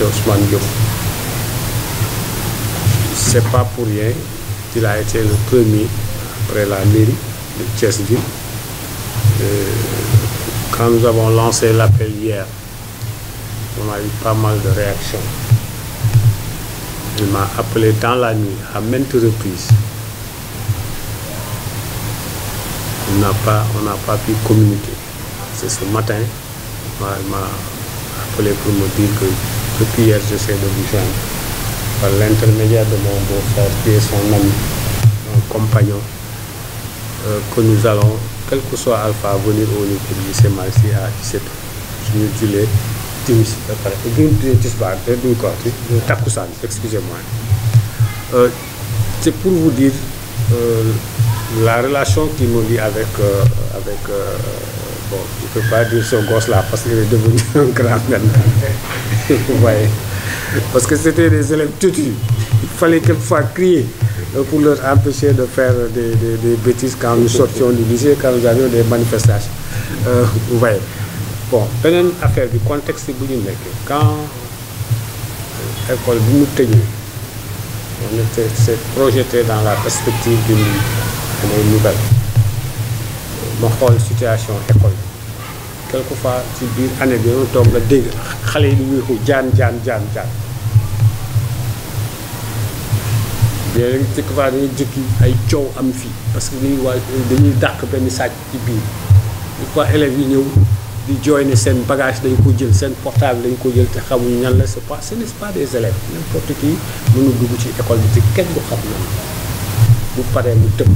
Monsieur Ousmane Diop. C'est pas pour rien qu'il a été le premier après la mairie de Thiès-Ville. Euh, quand nous avons lancé l'appel hier, on a eu pas mal de réactions. Il m'a appelé dans la nuit à maintes reprises. On n'a pas, on n'a pas pu communiquer. C'est ce matin, il m'a appelé pour me dire que Depuis hier, j'essaie de vous joindre par l'intermédiaire de mon beau-frère qui est compagnon, euh, que nous allons, quel que soit venir au niveau du lycée Marcy à 17 ñu jullee timis ba pare duñ tisbaar te excusez-moi euh, c'est pour vous dire euh, la relation qui me lie avec euh, avec euh, bon je peux pas dire ce gosse parce que est devenu un grand vous voyez. Parce que c'était des élèves têtus. Il fallait quelquefois crier pour leur empêcher de faire des, des, des bêtises quand nous sortions du lycée, quand nous avions des manifestations. Euh, vous Bon, beneen affaire bi contexte bu ñu nekk quand école bi mu tëjee on était s'est projeté dans la perspective d'une année nouvelle ma xool situation école quelquefois ci biir année bi doon toog nga dégg xale yi di wéexu jaan jaan jaan jaan léeg-léeg jëkki ay coow am fii parce que dañuy waa dañuy dàq benn sàcc ci biir des fois élèves yi ñëw di jooy ne seen bagage dañ ko jël seen portable dañ ko jël te xamuñu ñan la c'est pas des élèves n'importe qui mënu dugg ci école bi te kenn du xam nan bu paree mu tëb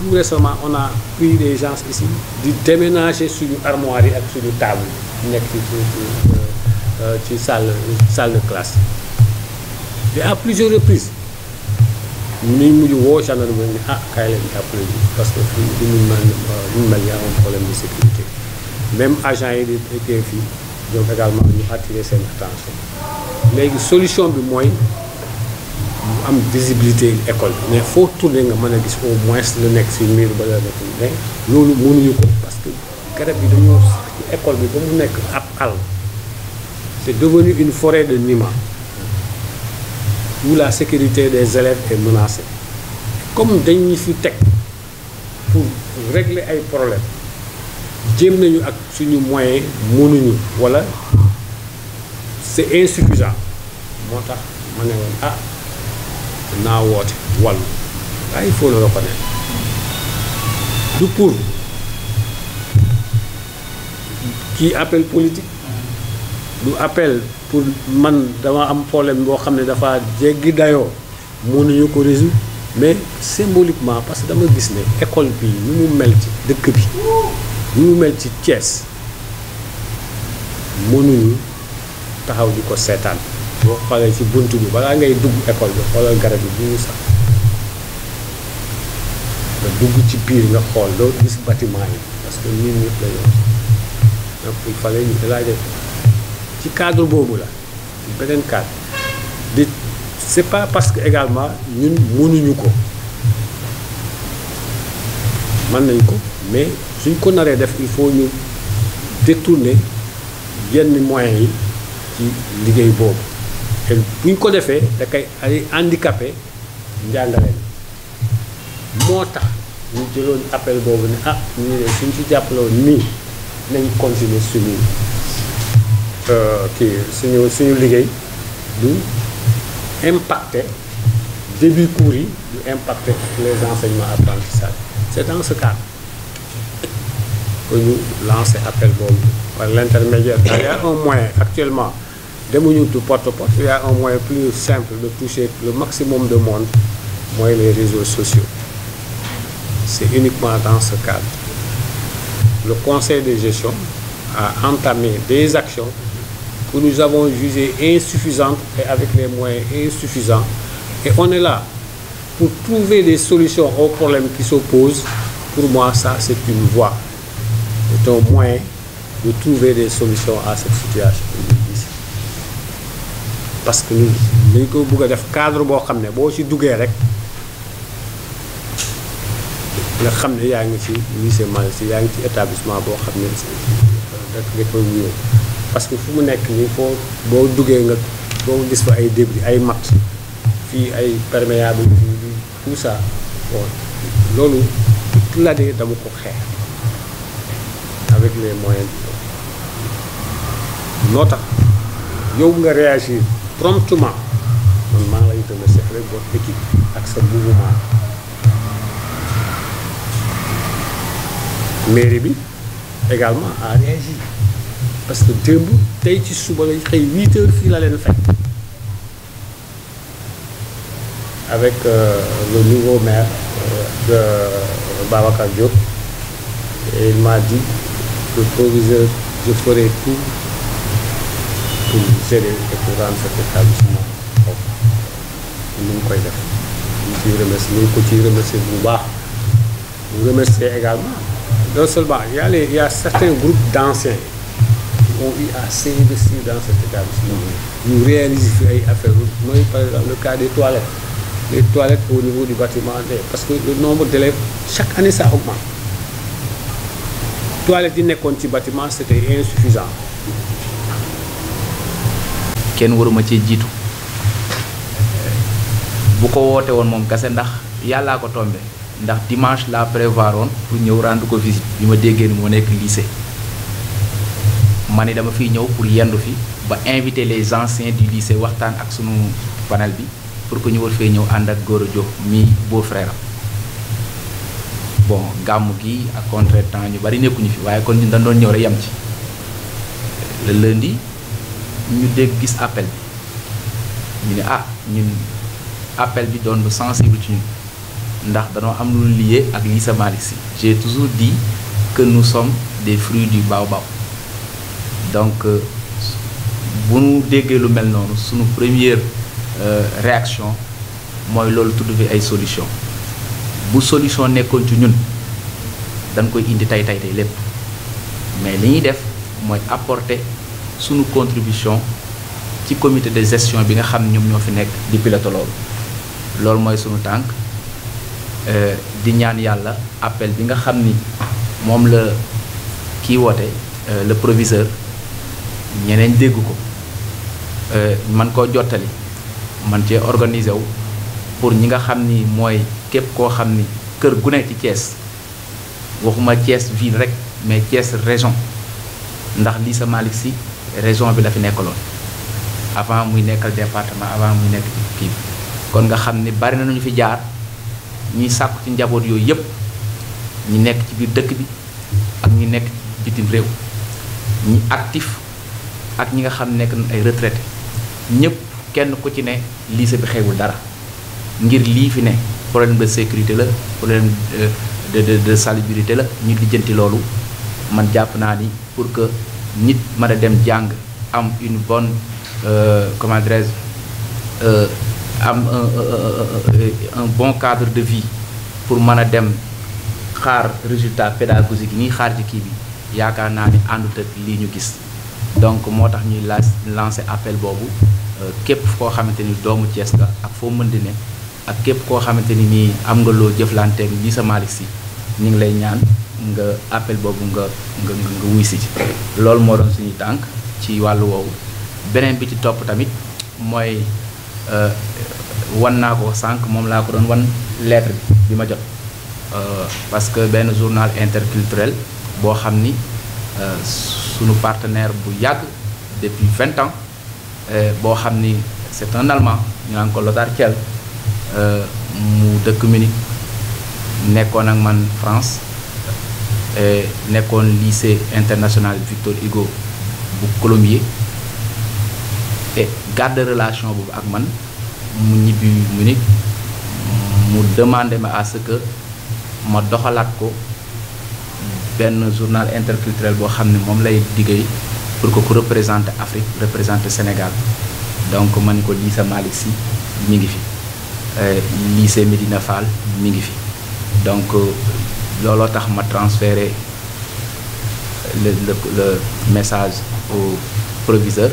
tout récemment on a pris des gens ici di déménager suñu armoire yi ak suñu table nekk ci euh, euh, ci salle salle de classe mais à plusieurs reprises ñu mujj woo gendarmerie ne ah kaay leen jàppale ñu parce que fii du ñu mel euh, ñu problème de sécurité même agent yi di été fii ñoom également ñu attirer seen attention léegi solution bi mooy. mu am visibilité école bi mais foo tourné nga mën a gis au moins la nekk si miir ba la nekk mais loolu mënuñu ko parce que garab yi dañoo sax ci école bi ba mu nekk ab àll c'est devenu une forêt de Nima où la sécurité des élèves est menacée comme dañu fi teg pour régler ay problème jéem nañu ak suñu moyen mënuñu wala c'est insuffisant moo tax ma ne woon ah naa woote wàllu waaye il faut le reconnaître du pour kii appel politique du appel pour man dama am problème boo xam ne dafa jeggi dayoo mënuñu ko résoudre mais symboliquement parce que dama gis ne école bi ñu mu mel ci dëkk bi ni mu mel ci Thiès mënuñu taxaw di ko seetaan boo xoolee ci bunt bi balaa ngay dugg école bi xoolal garab yi bu dugg ci biir nga xool doo gis bâtiment parce que ñun ñëpp la yoon donc il fallait ci cadre boobu la beneen cadre di c'est pas parce que également ñun munuñu ko mën nañ ko mais suñ ko naree def il faut ñu détourner yenn moyen yi ci liggéey boobu te ko defee da koy ay handicapé njàngale moo tax ñu jëloon appel boobu ni ah ñu ne suñ ci jàppaloon nii nañ continuer suñu euh, kii suñu suñu liggéey du impacter début cours yi du impacter les enseignements apprentissage c'est dans ce cadre ko ñu lancer appel boobu par l'intermédiaire il y un moyen actuellement demuñu du porte à porte il y a un moyen plus simple de toucher le maximum de monde mooy les réseaux sociaux c'est uniquement dans ce cadre le conseil de gestion a entamé des actions que nous avons jugées insuffisantes et avec les moyens insuffisants et on est là pour trouver des solutions aux problèmes qui s'opposent pour moi ça c'est une voie c'est un moyen de trouver des solutions à cette situation parce que ñun dañ ko bëgg a def cadre boo xam ne boo ci duggee rek nga xam ne yaa ngi ci lycée Malick yaa ngi ci établissement boo xam ne da parce que fu mu nekk nii foo boo duggee nga boo gis fa ay débris ay mat fii ay perméable bi tout loolu la de dama ko xeex avec les moyens moo tax yow nga réagi promptement man maa ngi lay remercier avec votre équipe ak sa mouvement mairie bi également a réagi parce que démb tey ci suba lañ xëy 8 fii la leen fekk avec euh, le nouveau maire euh, de euh, il m'a dit que proviseur je ferai tout pour gérer et pour rendre cet établissement kaw koy def ñu ciy remercier ñu ngi ko ci remercier bu baax ñu remercier également non seulement y a les y a certains groupes d'anciens qui ont eu à s'investir dans cet établissement ñu réaliser fi ay affaires mooy par exemple le cas des toilettes les toilettes au niveau du bâtiment parce que le nombre d'élèves chaque année ça augmente toilettes yi nekkoon ci bâtiment c'était insuffisant kenn waruma cee jiitu bu ko woote woon moom kase ndax yàllaa ko tombe ndax dimanche laa prévoir woon pour ñëw rendre ko visite bi ma déggee ni moo nekk lycée ma ne dama fiy ñëw pour yendu fi ba invité les anciens du lycée waxtaan ak sunu panel bi pour que ñu war fee ñëw ànd ak góor a Diop mi beau frère bon gàmm gi ak contretemps ñu bari nekkuñu fi waaye kon ñun doon ñëw la yem ci le ñu dégg gis appel bi ñu ne ah ñun appel bi doon lu sensible ci ñun ndax danoo am lu lié ak Lissa Malick Sy j'ai toujours di que nous sommes des fruits du baobab donc euh, bu ñu déggee lu mel noonu suñu première euh, réaction mooy loolu tudd fi ay solution bu solution nekkoon ci ñun dañ koy indi tay tay tay lépp mais li ñuy def mooy apporte sunu contribution ci commité de gestion bi nga xam ñoom ñoo fi nekk di pilote loolu loolu mooy sunu tànk euh, di ñaan yàlla appel bi nga xam ni moom la kii woote euh, la proviseur ñeneen dégg ko euh, man koo jottali man cee organiser wu pour ñi nga xam ni mooy képp koo xam ni kër gu ne ci Thiès waxuma Thiès ville rek mais Thiès région ndax lii sa Malick Sy région bi la fi nekkaloon avant muy nekkal département avant muy nekk kii bi kon nga xam ne bari na ñu fi jaar ñuy sàkku ci njaboot yooyu yëpp ñu nekk ci biir dëkk bi ak ñu nekk bitim réew ñi actif ak ñi nga xam nekk ay retraité ñëpp kenn ku ci ne lycée bi xewul dara ngir lii fi ne problème de sécurité la problème euh, de de de la ñu lijjanti loolu man jàpp naa ni pour que. nit mën a dem jàng am une bonne euh, comment dirais-je euh, am un bon cadre de vie pour mën a dem xaar résultat pédagogique yi ñuy xaar ci kii bi yaakaar naa ne àndut ak lii ñu gis donc moo tax ñuy la lancé appel boobu euh, képp koo xamante ni doomu cees la ak foo mën di ne ak képp koo xamante ni nii am nga loo jëflanteeg ñi sa Malick si ñu ngi lay ñaan nga appel boobu nga nga nga wuy si loolu moo doon suñuy tànk ci wàllu woowu beneen bi ci topp tamit mooy euh, wan naa ko sànq moom laa ko doon wan lettre bi bi ma jot euh, parce que benn journal interculturel boo xam ni euh, suñu partenaire bu yàgg depuis vingt ans boo xam ni c'est un allemand ñu naan ko Lothar Thiel mu dëkk Munich nekkoon ak man France Eh, nekkoon lycée international Victor Hugo bu Colombier et garde relation boobu ak man mu ñibbi mu Munich mu demandé ma à que ma doxalaat ko benn journal interculturel boo xam ne moom lay liggéey pour que ku représente Afrique représente Sénégal donc ma ni ko lycée Malick Sy mi ngi fi eh, lycée Medina Fall mi ngi fi donc euh, looloo tax ma transféré le le le message au proviseur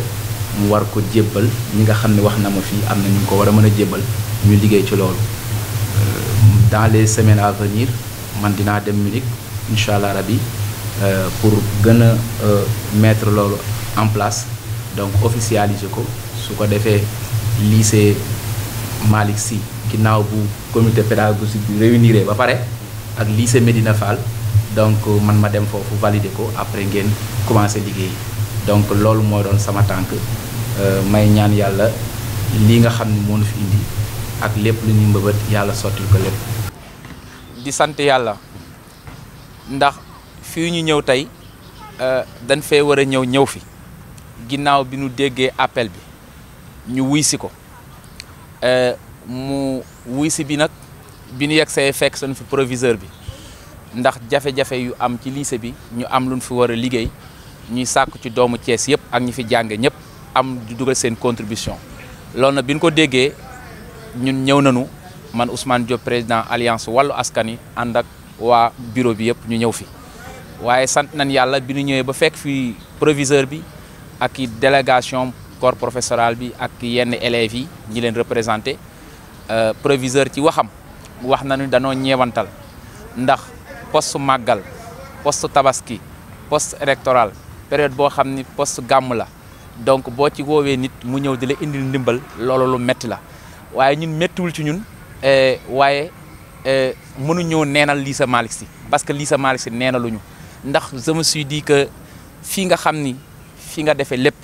mu war ko jébbal ñi nga xam ne wax na ma fii am na ñu ko war a mën a jébbal ñu liggéey ci loolu euh, dans les semaines à venir man dinaa dem Munich incha allah rabi euh, pour gën a euh, mettre loolu en place donc officialiser ko su ko defee lycée Malick Sy ginnaaw bu commuté pédagogique bi réunir ba pare. ak lii lycée Medina Fall donc euh, man ma dem foofu valider ko après ngénn commencé liggéey donc loolu moo doon sama tànk euh, may ñaan yàlla lii nga xam ne moonu fi indi ak lépp lu ñuy mbëbët yàlla sottil ko lépp. di sant yàlla ndax fii ñu ñëw tey euh, dañ fee war a ñëw ñëw fi ginnaaw bi ñu déggee appel bi ñu wuy si ko mu wuy bi nag. bi ñu yegg see fekk suñu fi proviseur bi ndax jafe-jafe yu am ci lycée bi ñu am luñ fi war a liggéey ñuy sàkk ci doomu Thiès yëpp ak ñi fi jànge ñëpp am di dugal seen contribution loolu nag bi ñu ko déggee ñun ñëw nañu man Ousmane Diop président alliance wàllu askan yi ànd ak waa bureau bi yëpp ñu ñëw fi waaye sant nañ yàlla bi ñu ñëwee ba fekk fi proviseur bi ak i délégation corps professoral bi ak yenn élèves yi ñi leen représenté euh, proviseur ci waxam wax na nañu danoo ñeewantal ndax post màggal post tabaski post électoral période boo xam ni poste gàmm la donc boo ci woowee nit mu ñëw di la indil ndimbal loolu lu metti la waaye ñun méttiwul ci ñun eh, waaye eh, ñëw neenal lii sa Malick Sy parce que lii sa Malick Sy neenaluñu ndax je me suis dit fii nga xam ni fi nga defee lépp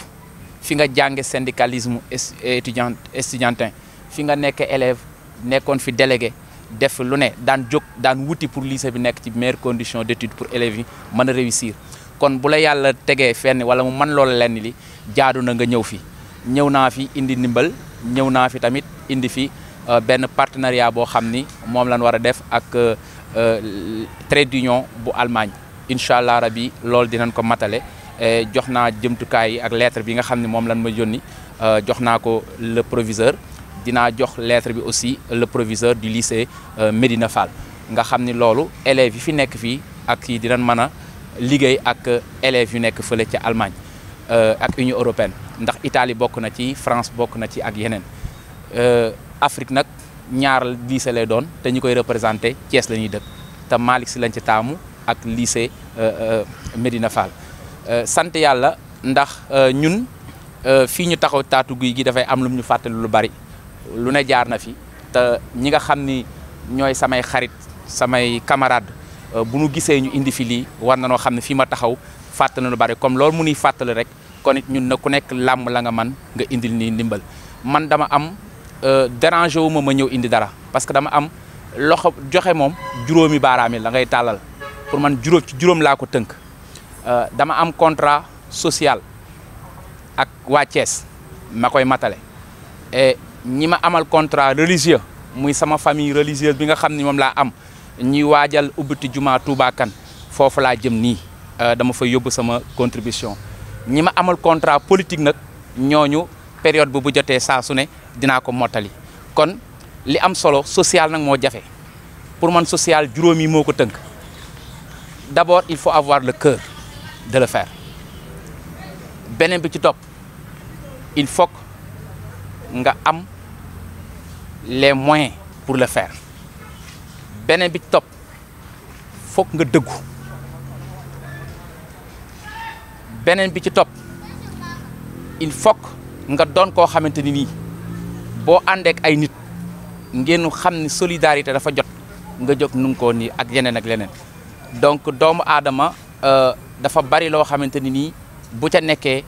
fi nga jànge syndicalisme étudiant étudiantin fi nga nekke élève nekkoon fi délégué def lu ne daan jóg daan wuti pour lycée bi nekk ci meilleure condition d'étude pour élèves yi mën a réussir kon bu la yàlla tegee fenn wala mu mën loolu lenn li jaadu na nga ñëw fi ñëw naa fi indi ndimbal ñëw naa fi tamit indi fi euh, benn partenariat boo xam ni moom lañ war a def ak euh, euh, trait d'union bu Allemagne incha allah rabi loolu dinañ ko matale jox naa jëmtukaay yi ak lettre bi nga xam ne moom lañ ma yónni jox naa ko le proviseur dinaa jox lettre bi aussi le proviseur du lycée euh, Médina Fall nga xam ni loolu élèves yi fi nekk fii ak yi dinañ mën a liggéey ak élèves yu nekk fële ca Allemagne euh, ak Union européenne ndax Italie bokk na ci France bokk na ci ak yeneen euh, Afrique nag ñaar lycée lay doon te ñu koy représenté Thiès la ñuy dëkk te Malick Sy lañ ci taamu ak lycée Médina Fall sant yàlla ndax ñun fii ñu taxaw taatu guy gi dafay am lu ñu fàttali lu bari lu ne jaar na fi te ñi nga xam ni ñooy samay xarit samay camarade euh, bu nu gisee ñu indi fi lii war na noo xam ne fii ma taxaw na lu bari comme loolu mu nuy fàttali rek kon ñun na ku nekk làmm la nga man nga indil nii ndimbal man dama am euh, dérangé wu ma ma ñëw indi dara parce que dama am loxo joxe moom juróomi baaraam yi la ngay tàllal pour man juróom ci juróom laa ko tënk euh, dama am contrat social ak waa Thiès ma koy matale et ñi ma amal contrat religieux muy sama famille religieuse bi nga xam ni moom laa am ñuy waajal ubbiti jumaa Touba Kane foofu laa jëm nii euh, dama fa yóbbu sama contribution ñi ma amal contrat politique nag ñooñu période bu bu jotee saa su ne dinaa ko mottali kon li am solo social nag moo jafe pour man sociale juróom moo ko tënk d'abord il faut avoir le cœur de le fair beneen bi ci topp il faut nga am les moyens pour le faire beneen bi topp foog nga dëggu beneen bi ci top il faut nga doon koo xamante ni nii boo àndeek ay nit ngeen xam ni solidarité dafa jot nga jóg nu ko nii ak yeneen ak leneen donc doomu aadama euh, dafa bari loo xamante ni nii bu ca nekkee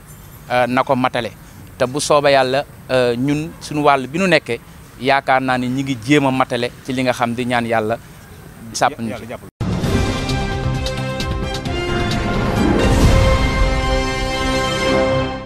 euh, na ko matale te bu sooba yàlla euh, ñun suñu wàll bi nu nekkee yaakaar naa ni ñi ngi jéem a matale ci li nga xam di ñaan yàlla sàpp